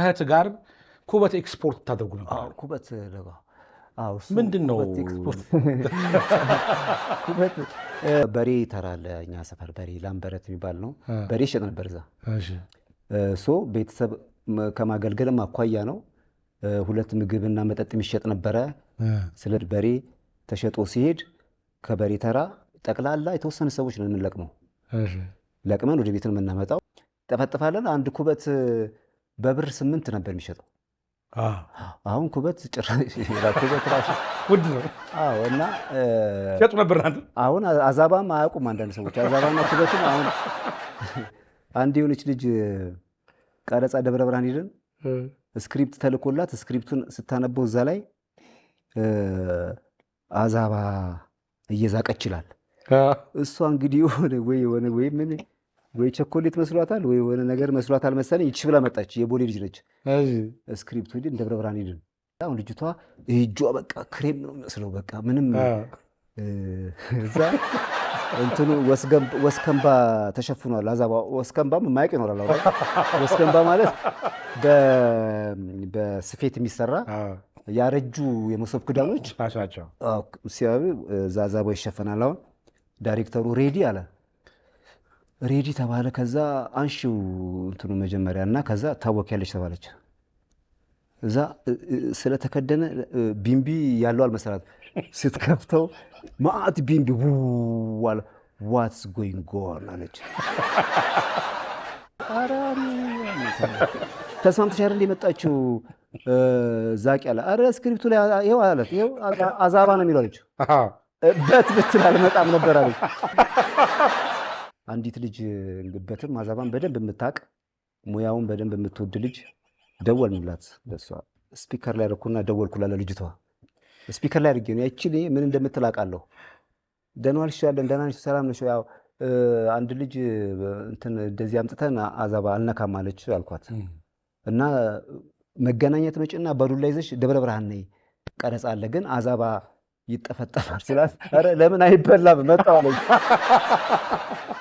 ከእህት ጋር ኩበት ኤክስፖርት ታደርጉ ነበር። ኩበት ምንድን ነው ኩበት? በሬ ይተራል። እኛ ሰፈር በሬ ላምበረት የሚባል ነው። በሬ ይሸጥ ነበር እዛ። ሶ ቤተሰብ ከማገልገልም አኳያ ነው። ሁለት ምግብና መጠጥ የሚሸጥ ነበረ። ስለ በሬ ተሸጦ ሲሄድ ከበሬ ተራ ጠቅላላ የተወሰነ ሰዎች ነው የምንለቅመው። ለቅመን ወደ ቤት ነው የምናመጣው። ጠፈጥፋለን አንድ ኩበት በብር ስምንት ነበር የሚሸጠው። አሁን ኩበት ኩበት ራሱ ውድ ነው እና ሸጡ ነበር። አሁን አዛባም አያውቁም አንዳንድ ሰዎች አዛባና ኩበትም። አሁን አንድ የሆነች ልጅ ቀረጻ ደብረ ብርሃን ሄደን ስክሪፕት ተልኮላት ስክሪፕቱን ስታነበው እዛ ላይ አዛባ እየዛቀች ይላል። እሷ እንግዲህ የሆነ ወይ የሆነ ወይ ምን ወይ ቸኮሌት መስሏታል ወይ የሆነ ነገር መስሏታል መሰለኝ። ይቺ ብላ መጣች። የቦሌ ልጅ ነች። እስክሪፕቱ ሄድን፣ ደብረ ብርሃን ሄድን። አሁን ልጅቷ እጇ በቃ ክሬም ነው የሚመስለው። በቃ ምንም እዛ እንትኑ ወስከንባ ተሸፍኗል። አዛባ ወስከንባ ማያቅ ይኖራል። ወስከንባ ማለት በስፌት የሚሰራ ያረጁ የመሶብ ክዳኖች ሲያዩ ዛዛባ ይሸፈናል። አሁን ዳይሬክተሩ ሬዲ አለ ሬዲ ተባለ። ከዛ አንሺው እንትኑ መጀመሪያ እና ከዛ ታወኪያለች ተባለች። እዛ ስለተከደነ ቢንቢ ያለው አልመሰላት። ስትከፍተው ማአት ቢንቢ ዋለ። ዋትስ ጎይንግ ጎን አለች። ተስማምተሻ እንደ የመጣችው ዛቅ ያለ አረ ስክሪፕቱ ላይ ይኸው አላት። ይኸው አዛባ ነው የሚለው አለችው። በት ብትል አልመጣም ነበር አለች። አንዲት ልጅ በትም ማዛባን በደንብ የምታውቅ ሙያውን በደንብ የምትወድ ልጅ ደወልንላት። ለእሷ ስፒከር ላይ አደረኩና ደወልኩላት ለልጅቷ ስፒከር ላይ አድርጌ ነው ያቺ ምን እንደምትል አውቃለሁ። ደህና ዋልሽ ያለን ደህና ነሽ ሰላም ነሽ? ያው አንድ ልጅ እንትን እንደዚህ አምጥተን አዛባ አልነካም አለች አልኳት እና መገናኘት መጪና በዱላ ይዘሽ ደብረ ብርሃን ነይ ቀረጻ አለ ግን አዛባ ይጠፈጠፋል ስላት፣ ኧረ ለምን አይበላም መጣሁ አለች።